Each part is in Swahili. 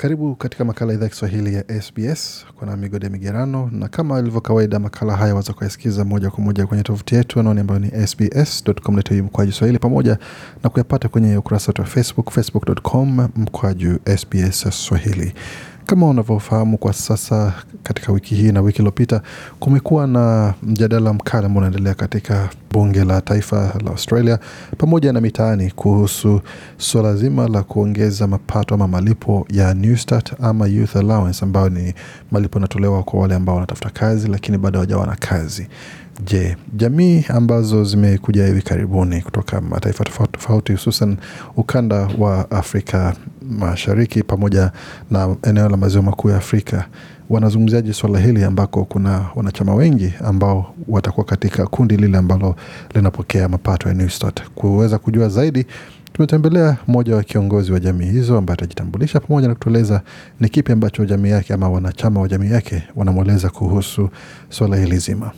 Karibu katika makala idhaa ya Kiswahili ya SBS kuna migode migerano, na kama ilivyo kawaida, makala haya waweza kuyasikiza moja kwa moja kwenye tovuti yetu anaoni ambayo ni sbscu mkwaju swahili, pamoja na kuyapata kwenye ukurasa wetu wa Facebook, facebook.com mkwaju sbs swahili. Kama unavyofahamu kwa sasa, katika wiki hii na wiki iliyopita kumekuwa na mjadala mkali ambao unaendelea katika bunge la taifa la Australia pamoja na mitaani kuhusu suala zima la kuongeza mapato ama malipo ya Newstart ama Youth Allowance, ambayo ni malipo yanatolewa kwa wale ambao wanatafuta kazi lakini bado hawajawa na kazi. Je, jamii ambazo zimekuja hivi karibuni kutoka mataifa tofauti tofauti, hususan ukanda wa Afrika Mashariki pamoja na eneo la maziwa makuu ya Afrika wanazungumziaje swala hili ambako kuna wanachama wengi ambao watakuwa katika kundi lile ambalo linapokea mapato ya New Kuweza kujua zaidi, tumetembelea mmoja wa kiongozi wa jamii hizo ambaye atajitambulisha pamoja na kutueleza ni kipi ambacho jamii yake ama wanachama wa jamii yake wanamweleza kuhusu swala hili zima.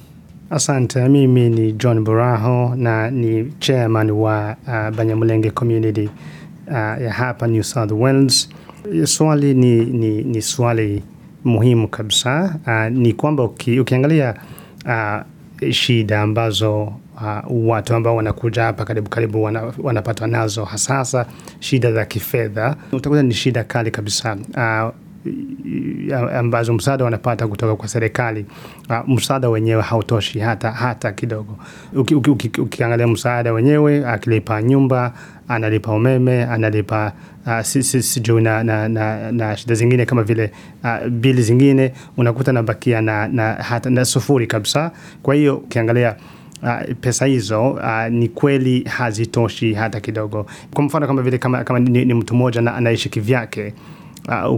Asante, mimi ni John Buraho na ni chairman wa uh, Banyamulenge community uh, ya hapa New South Wales. Swali ni, ni, ni swali muhimu kabisa uh, ni kwamba uki, ukiangalia uh, shida ambazo uh, watu ambao wanakuja hapa karibu karibu wana, wanapata nazo hasasa shida za kifedha, utakuta ni shida kali kabisa uh, ambazo msaada wanapata kutoka kwa serikali uh, msaada wenyewe hautoshi hata, hata kidogo. Ukiangalia uki, uki, ukiangalia msaada wenyewe akilipa nyumba, analipa umeme, analipa uh, sijui na, na, na, na shida zingine kama vile uh, bili zingine, unakuta nabakia na, na, hata, na sufuri kabisa. Kwa hiyo ukiangalia Uh, pesa hizo uh, ni kweli hazitoshi hata kidogo. Kwa mfano kama vile kama, kama ni, ni mtu mmoja anaishi kivyake uh, ah,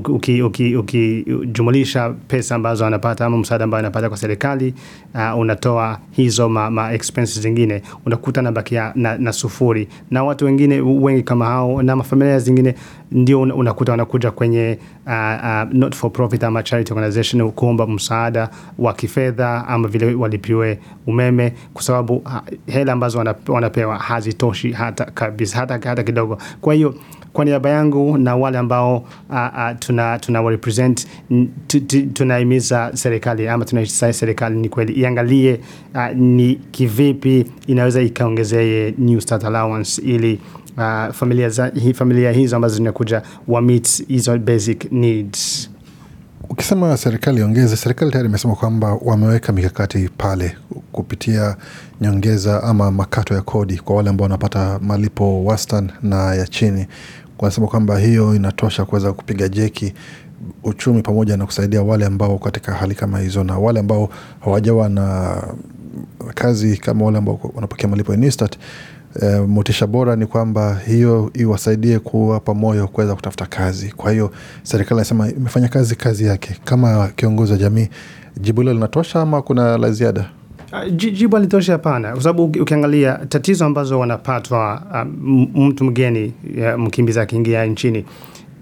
ukijumulisha uki, uki, pesa ambazo anapata ama msaada ambao anapata kwa serikali uh, unatoa hizo ma, ma expenses zingine unakuta nabakia na, na sufuri, na watu wengine wengi kama hao na mafamilia zingine ndio unakuta wanakuja kwenye uh, uh, not for profit ama charity organization kuomba msaada wa kifedha ama vile walipiwe umeme, kwa sababu hela ambazo wanapewa hazitoshi hata kabisa, hata, hata kidogo. Kwa hiyo kwa niaba yangu na wale ambao a, tuna, tuna tunahimiza serikali ama tunaisai serikali ni kweli iangalie ni kivipi inaweza ikaongezee New Start Allowance ili Uh, familia, za, hi, familia hizo ambazo zinakuja wa meet hizo basic needs. Ukisema serikali iongeze, serikali tayari imesema kwamba wameweka mikakati pale kupitia nyongeza ama makato ya kodi kwa wale ambao wanapata malipo wastan na ya chini wanasema kwamba hiyo inatosha kuweza kupiga jeki uchumi pamoja na kusaidia wale ambao katika hali kama hizo na wale ambao hawajawa na kazi kama wale ambao wanapokea malipo Instat. E, eh, motisha bora ni kwamba hiyo iwasaidie kuwapa moyo kuweza kutafuta kazi. Kwa hiyo serikali inasema imefanya kazi kazi yake. Kama kiongozi wa jamii, jibu hilo linatosha ama kuna la ziada? Ah, jibu alitoshi hapana, kwa sababu ukiangalia tatizo ambazo wanapatwa um, mtu mgeni mkimbizi akiingia nchini,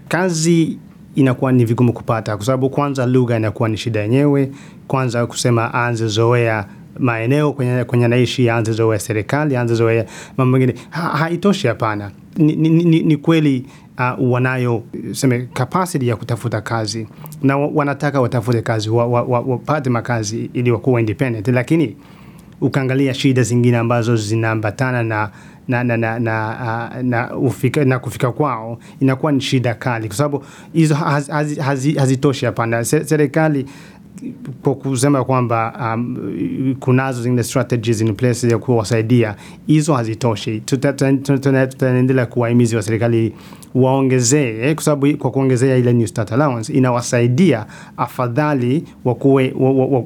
kazi inakuwa ni vigumu kupata, kwa sababu kwanza lugha inakuwa ni shida yenyewe. Kwanza kusema aanze zoea maeneo kwenye anaishi, aanze zoea serikali, aanze zoea mambo mengine, haitoshi hapana ni, ni, ni, ni kweli uh, wanayo seme capacity ya kutafuta kazi na wanataka watafute kazi wapate wa, wa, wa, makazi ili wakuwa independent, lakini ukaangalia shida zingine ambazo zinaambatana na na, na, na, na, ah, na, ufika, na kufika kwao inakuwa ni shida kali, kwa sababu hizo hazitoshi haz, haz, hapana. Serikali kwa kusema kwamba um, kunazo zingine strategies in place ya kuwasaidia, hizo hazitoshi. Tutaendelea kuwahimizi wa serikali waongezee eh, kwa sababu kwa kuongezea ile new start allowance inawasaidia afadhali wakuwe,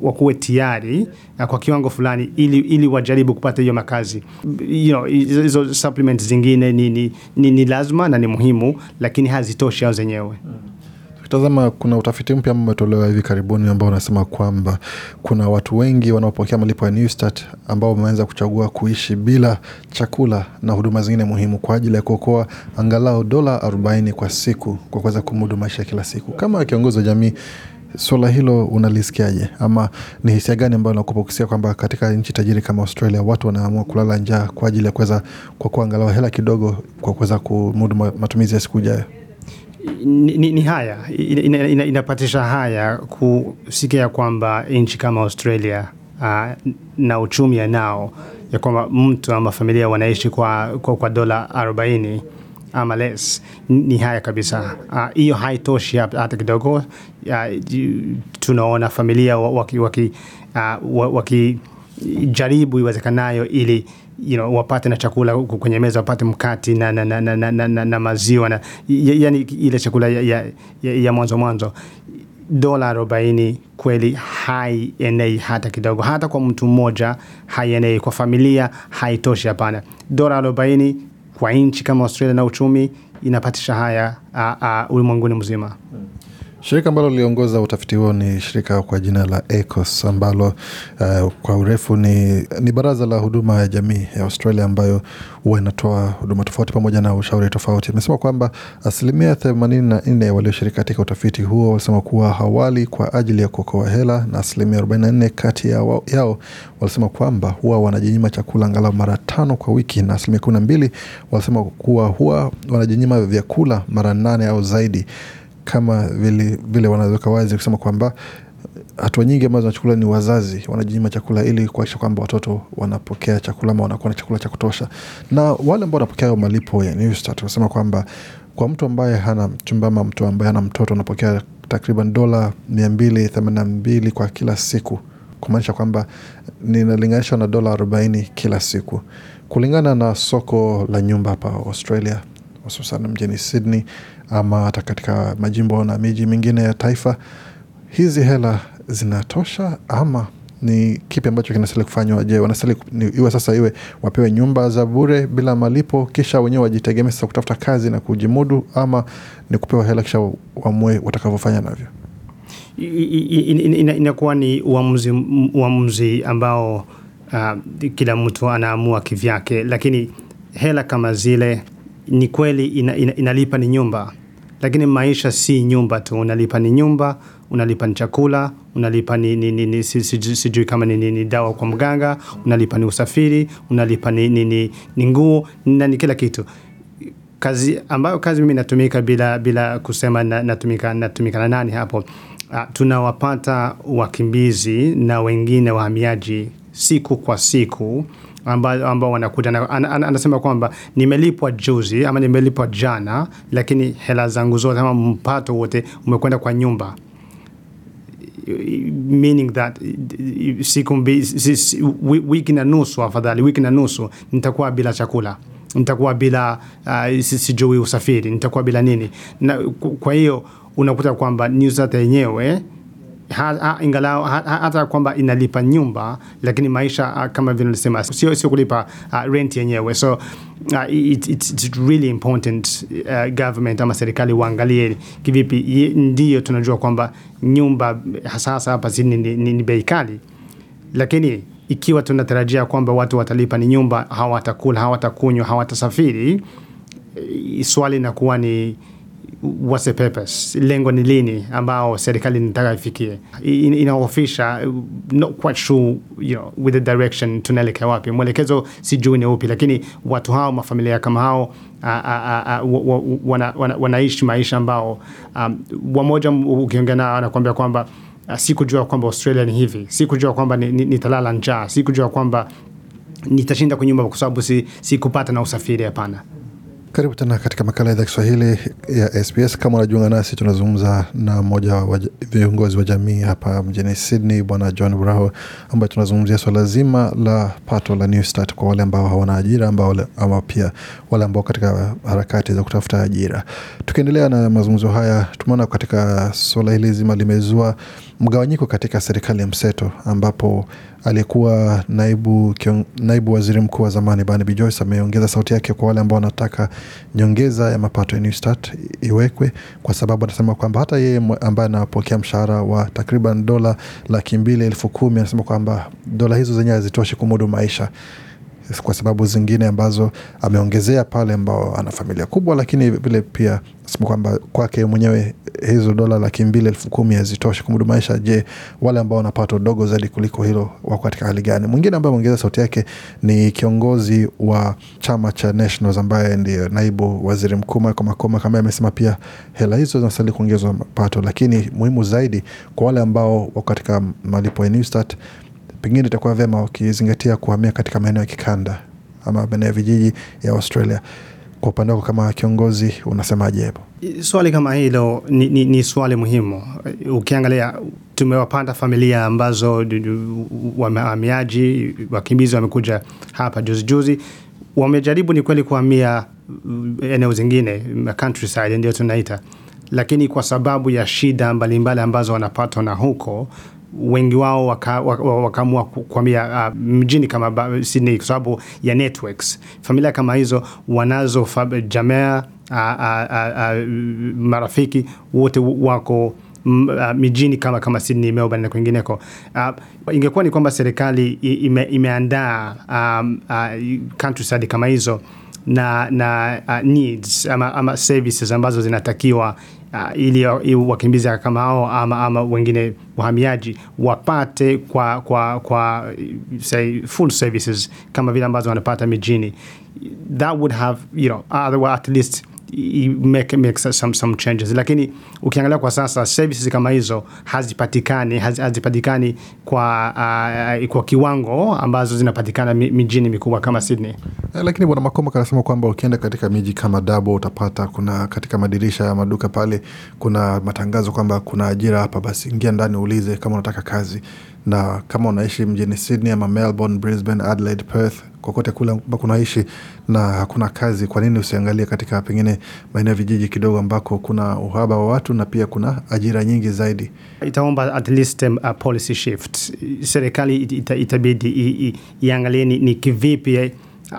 wakuwe tayari eh, kwa kiwango fulani, ili, ili wajaribu kupata hiyo makazi. You know, supplement zingine ni, ni, ni, ni lazima na ni muhimu, lakini hazitoshi au zenyewe. Hmm. Tazama, kuna utafiti mpya ambao umetolewa hivi karibuni ambao unasema kwamba kuna watu wengi wanaopokea malipo ya Newstart ambao wameanza kuchagua kuishi bila chakula na huduma zingine muhimu kwa ajili ya kuokoa angalau dola 40 kwa siku kwa kuweza kumudu maisha kila siku. Kama kiongozi wa jamii swala hilo unalisikiaje, ama ni hisia gani ambayo nakupa kusikia kwamba katika nchi tajiri kama Australia watu wanaamua kulala njaa kwa ajili ya kuweza kwa kuangalau hela kidogo kwa kuweza kumudu matumizi ya siku ijayo? ni, ni haya inapatisha ina, ina haya kusikia kwamba nchi kama Australia uh, na uchumi anao ya kwamba mtu ama familia wanaishi kwa, kwa, kwa dola 40 ama less. Ni haya kabisa, ah, hiyo uh, haitoshi hata kidogo. Uh, tunaona familia waki, waki, uh, waki jaribu iwezekanayo ili you know, wapate na chakula kwenye meza, wapate mkati na, na, na, na, na, na, na maziwa na, yani ile chakula ya, ya, ya, ya mwanzo mwanzo dola arobaini kweli haienei hata kidogo, hata kwa mtu mmoja haienei, kwa familia haitoshi. Hapana, dola arobaini kwa nchi kama Australia na uchumi inapatisha haya ulimwenguni mzima. Hmm. Shirika ambalo liliongoza utafiti huo ni shirika kwa jina la ECOS ambalo uh, kwa urefu ni, ni baraza la huduma ya jamii ya Australia ambayo huwa inatoa huduma tofauti pamoja na ushauri tofauti. Imesema kwamba asilimia themanini na nne walioshiriki katika utafiti huo walisema kuwa hawali kwa ajili ya kuokoa hela, na asilimia arobaini na nne kati yao, yao walisema kwamba huwa wanajinyima chakula angalau mara tano kwa wiki, na asilimia kumi na mbili walisema kuwa huwa wanajinyima vyakula mara nane au zaidi kama vile, vile wanaweka wazi kusema kwamba hatua nyingi ambazo zinachukuliwa ni wazazi wanajinyima chakula ili kuakisha kwamba watoto wanapokea chakula ama wanakuwa na chakula cha kutosha, na wale ambao wanapokea malipo ya Newstart wanasema kwamba kwa mtu ambaye hana mchumba ama mtu ambaye hana mtoto anapokea takriban dola mia mbili themanini na mbili kwa kila siku, kumaanisha kwamba ninalinganishwa na dola arobaini kila siku, kulingana na soko la nyumba hapa Australia, hususan mjini Sydney ama hata katika majimbo na miji mingine ya taifa, hizi hela zinatosha ama ni kipi ambacho kinastahili kufanywa? Je, wanastahili iwe sasa iwe wapewe nyumba za bure bila malipo, kisha wenyewe wajitegemea sasa kutafuta kazi na kujimudu, ama ni kupewa hela kisha wamue watakavyofanya navyo? Inakuwa ni uamuzi, uamuzi ambao uh, kila mtu anaamua kivyake, lakini hela kama zile ni kweli ina, ina, inalipa ni nyumba, lakini maisha si nyumba tu. Unalipa ni nyumba, unalipa ni chakula, unalipa ni, ni, ni, ni sijui si, si, kama ni, ni, ni dawa kwa mganga, unalipa ni usafiri, unalipa ni, ni, ni, ni nguo na ni kila kitu kazi ambayo kazi mimi natumika bila, bila kusema na, natumika, natumika na nani hapo. Uh, tunawapata wakimbizi na wengine wahamiaji siku kwa siku ambao amba na, an, an, anasema kwamba nimelipwa juzi ama nimelipwa jana, lakini hela zangu zote ama mpato wote umekwenda kwa nyumba meaning that siku wiki na nusu, afadhali wiki na nusu nitakuwa bila chakula, nitakuwa bila uh, sijui usafiri, nitakuwa bila nini na, kwa hiyo unakuta kwamba news yenyewe ingalau hata kwamba inalipa nyumba, lakini maisha kama vile nilisema, sio sio kulipa uh, rent yenyewe. So uh, it, it, it's really important uh, government ama serikali waangalie kivipi. Ndiyo tunajua kwamba nyumba hasa hasa hapa ni, ni, ni, ni bei kali, lakini ikiwa tunatarajia kwamba watu watalipa ni nyumba, hawatakula, hawatakunywa, hawatasafiri, swali inakuwa ni what's the purpose, lengo ni lini ambao serikali inataka ifikie. inaofisha not quite sure, you know, with the direction tunaelekea wapi, mwelekezo sijui ni upi, lakini watu hao mafamilia kama hao wanaishi maisha ambao um, wamoja ukiongea nao anakuambia kwamba uh, sikujua kwamba Australia ni hivi, sikujua kwamba nitalala njaa, sikujua kwamba nitashinda kwa nyumba kwa sababu sikupata na usafiri. Hapana. Karibu tena katika makala ya idhaa Kiswahili ya SBS. Kama unajiunga nasi, tunazungumza na mmoja wa viongozi wa jamii hapa mjini Sydney, Bwana John Buraho, ambaye tunazungumzia swala zima la pato la New Start kwa wale ambao hawana ajira ambao ama pia wale ambao katika harakati za kutafuta ajira. Tukiendelea na mazungumzo haya, tumeona katika swala hili zima limezua mgawanyiko katika serikali ya mseto ambapo aliyekuwa naibu, naibu waziri mkuu wa zamani Barnaby Joyce ameongeza sauti yake kwa wale ambao wanataka nyongeza ya mapato ya New iwekwe, kwa sababu anasema kwamba hata yeye ambaye anapokea mshahara wa takriban dola laki mbili elfu kumi anasema kwamba dola hizo zenyewe hazitoshi kumudu maisha kwa sababu zingine ambazo ameongezea pale, ambao ana familia kubwa, lakini vile pia kwamba kwake mwenyewe hizo dola laki mbili elfu kumi hazitoshi maisha Je, wale ambao wanapata udogo zaidi kuliko hilo wako katika hali gani? Mwingine ambaye ameongeza sauti yake ni kiongozi wa chama cha Nationals ambaye ndiye naibu waziri mkuu Michael Makoma, ambaye amesema pia hela hizo zinastahili kuongezwa mapato, lakini muhimu zaidi kwa wale ambao wako katika malipo ya pengine itakuwa vyema wakizingatia kuhamia katika maeneo ya kikanda ama maeneo ya vijiji ya Australia. Kwa upande wako kama kiongozi unasemaje hapo? Swali kama hilo ni, ni, ni swali muhimu. Ukiangalia tumewapanda familia ambazo wahamiaji wakimbizi wamekuja hapa juzijuzi juzi. Wamejaribu ni kweli kuhamia mm, eneo zingine countryside, ndio tunaita, lakini kwa sababu ya shida mbalimbali mbali ambazo wanapatwa na huko wengi wao wakaamua waka, kuhamia uh, ah, mjini kama Sydney kwa sababu ya networks. Familia kama hizo wanazo jamaa uh, uh, uh, marafiki wote wako uh, mijini kama kama Sydney, Melbourne na kwingineko. Uh, ingekuwa ni kwamba serikali ime, imeandaa um, uh, countryside kama hizo na, na uh, needs ama, ama services ambazo zinatakiwa uh, ili wakimbizi kama hao ama, ama wengine wahamiaji wapate kwa, kwa, kwa say full services kama vile ambazo wanapata mijini that would have you know, otherwise at least make, make some, some changes, lakini ukiangalia kwa sasa services kama hizo hazipatikani haz, hazipatikani kwa, uh, kwa kiwango ambazo zinapatikana mijini mikubwa kama Sydney. Eh, lakini Bwana Makoma anasema kwamba ukienda katika miji kama Dabo utapata kuna katika madirisha ya maduka pale kuna matangazo kwamba kuna ajira hapa, basi ingia ndani uulize kama unataka kazi na kama unaishi mjini Sydney ama Melbourne, Brisbane, Adelaide, Perth, kokote kule ambako unaishi na hakuna kazi, kwa nini usiangalie katika pengine maeneo ya vijiji kidogo ambako kuna uhaba wa watu na pia kuna ajira nyingi zaidi? Itaomba at least um, a policy shift. Serikali ita, itabidi iangalie ni, ni kivipi eh,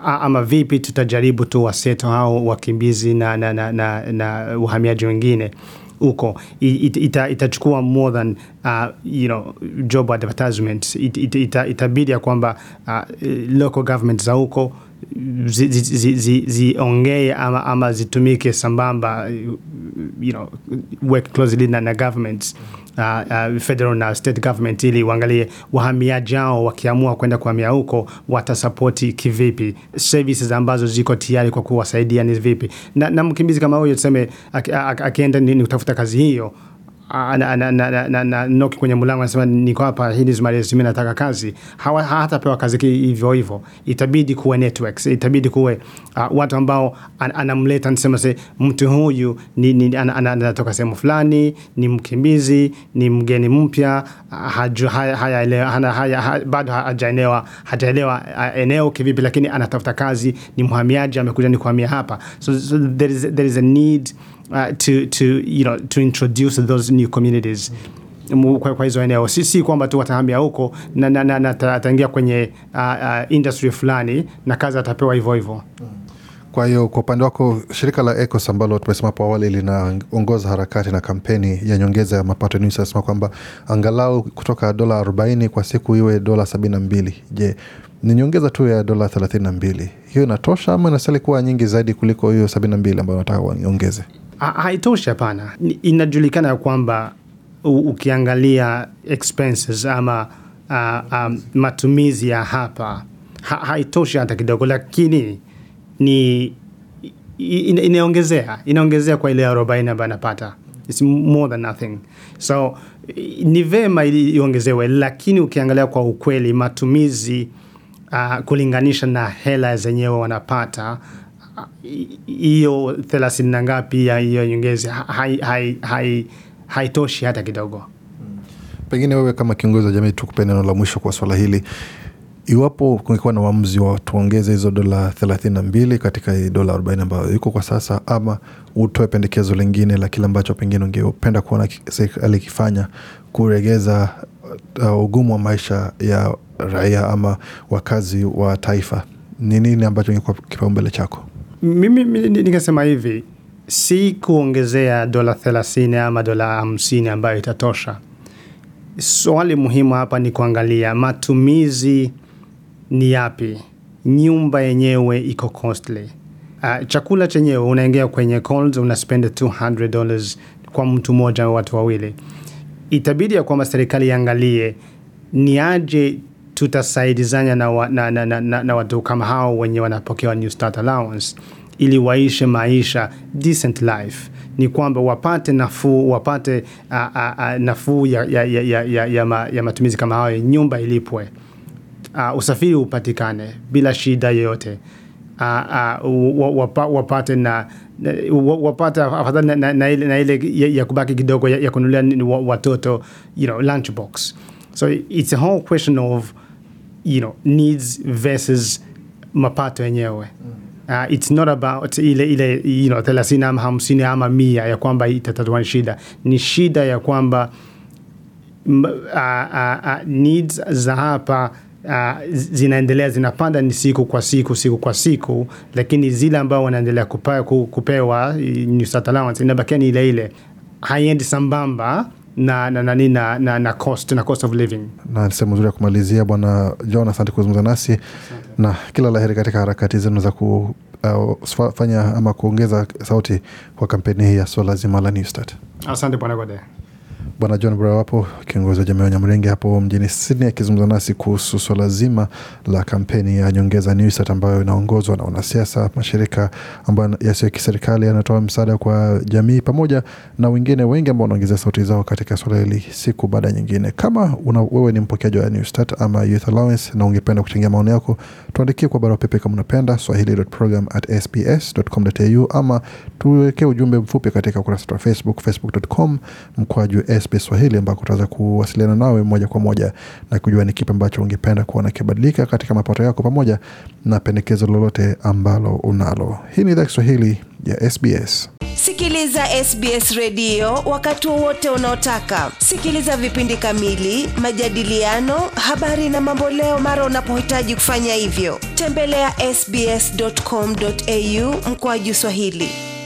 ama vipi tutajaribu tu waseto hao wakimbizi na, na, na, na, na uhamiaji wengine huko ita, itachukua more than uh, you know, job advertisement It, it, ita, itabidi ya kwamba uh, local government za huko ziongee zi, zi, zi, zi ama, ama zitumike sambamba you know, work closely na, na governments uh, federal na state government ili uangalie wahamiaji hao wakiamua kwenda kuhamia huko watasapoti kivipi, services ambazo ziko tayari kwa kuwasaidia ni vipi, na, na mkimbizi kama huyo tuseme akienda ak, ak, ak, ni kutafuta kazi hiyo noki kwenye mlango anasema niko hapa, hii mimi nataka kazi, hatapewa kazi hivyo hivyo. Itabidi kuwe networks, itabidi kuwe uh, watu ambao an, anamleta nisema se mtu huyu anatoka sehemu fulani, ni mkimbizi, ni mgeni mpya, bado hajaelewa ah, eneo kivipi, lakini anatafuta kazi, ni mhamiaji, amekuja ni kuhamia hapa, so, so there is, there is a need Uh, to, to, you know, to introduce those new communities kwa, kwa hizo eneo si, si kwamba tu watahamia huko na, na, na, ataingia kwenye uh, uh, industry fulani na kazi atapewa hivyo hivyo. Kwa hiyo kwa upande wako shirika la ECOS ambalo tumesema hapo awali linaongoza harakati na kampeni ya nyongeza ya mapato New kwamba angalau kutoka dola 40 kwa siku iwe dola 72. Je, ni nyongeza tu ya dola 32, hiyo inatosha ama inastahili kuwa nyingi zaidi kuliko hiyo 72 ambayo nataka waongeze? haitoshi. Hapana, inajulikana ya kwamba ukiangalia expenses ama uh, uh, matumizi ya hapa ha, haitoshi hata kidogo, lakini ni inaongezea inaongezea kwa ile arobaini ambayo anapata. It's more than nothing, so ni vema iongezewe, lakini ukiangalia kwa ukweli matumizi uh, kulinganisha na hela zenyewe wanapata hiyo thelathini na ngapi ya hiyo nyongeza haitoshi hai, hai, hai hata kidogo. Pengine wewe kama kiongozi wa jamii, tukupe neno la mwisho kwa swala hili. Iwapo kungekuwa na uamuzi wa tuongeze hizo dola thelathini na mbili katika dola arobaini ambayo iko kwa sasa, ama utoe pendekezo lingine la kile ambacho pengine ungependa kuona serikali ikifanya kuregeza uh, ugumu wa maisha ya raia ama wakazi wa taifa, ni nini ambacho ingekuwa kipaumbele chako? Mimi nikasema hivi, si kuongezea dola 30 ama dola 50 ambayo itatosha. Swali muhimu hapa ni kuangalia matumizi ni yapi. Nyumba yenyewe iko costly. Uh, chakula chenyewe unaingia kwenye Coles una $200 kwa mtu mmoja watu wawili. Itabidi ya kwamba serikali iangalie ni aje tutasaidizanya na, wa, na, na, na, na, na watu kama hao wenye wanapokewa New Start Allowance ili waishe maisha decent life ni kwamba wapate nafuu wapate nafuu ya, ya, ya, ya, ya, ya, ma, ya matumizi kama hayo, nyumba ilipwe, a, usafiri upatikane bila shida yoyote, wapate na wapate afadhali na, na, na, ile, na ile ya, ya kubaki kidogo ya, ya kunulia watoto you know, lunchbox. So it's a whole question of you know, needs versus mapato yenyewe mm. Uh, it's not about ile ile you know, thelathini ama hamsini ama mia ya kwamba itatatua shida. Ni shida ya kwamba uh, uh, uh, needs za hapa uh, zinaendelea zinapanda, ni siku kwa siku siku kwa siku, lakini zile ambao wanaendelea kupewa, kupewa eh, ni allowance inabakia ni ile ile, haiendi sambamba na na, na, na, na, na, cost, na cost of living. Na sehemu nzuri ya kumalizia Bwana John, asante kuzungumza nasi Na kila laheri katika harakati zenu za kufanya uh, ama kuongeza sauti kwa kampeni hii ya swala zima la Newstart. Asante Bwana Gode. Bwana John Braw hapo kiongozi wa jamii wa Nyamulenge hapo mjini Sydney akizungumza nasi kuhusu swala zima la kampeni ya nyongeza Newsat ambayo inaongozwa na wanasiasa, mashirika ambayo yasiyo ya kiserikali yanatoa msaada kwa jamii pamoja na wengine wengi ambao wanaongezea sauti zao katika swala hili siku baada ya nyingine. Kama una, wewe ni mpokeaji wa Newsat ama Youth Allowance na ungependa kuchangia maoni yako, tuandikie kwa barua pepe kama unapenda swahili.program@sbs.com.au ama tuwekee ujumbe mfupi katika ukurasa wa Facebook facebook.com mkwaju SBS Swahili ambako utaweza kuwasiliana nawe moja kwa moja na kujua ni kipi ambacho ungependa kuona kibadilika katika mapato yako pamoja na pendekezo lolote ambalo unalo. Hii ni idhaa Kiswahili ya SBS. Sikiliza SBS redio wakati wowote unaotaka. Sikiliza vipindi kamili, majadiliano, habari na mamboleo mara unapohitaji kufanya hivyo. Tembelea ya sbs.com.au mkoaju Swahili.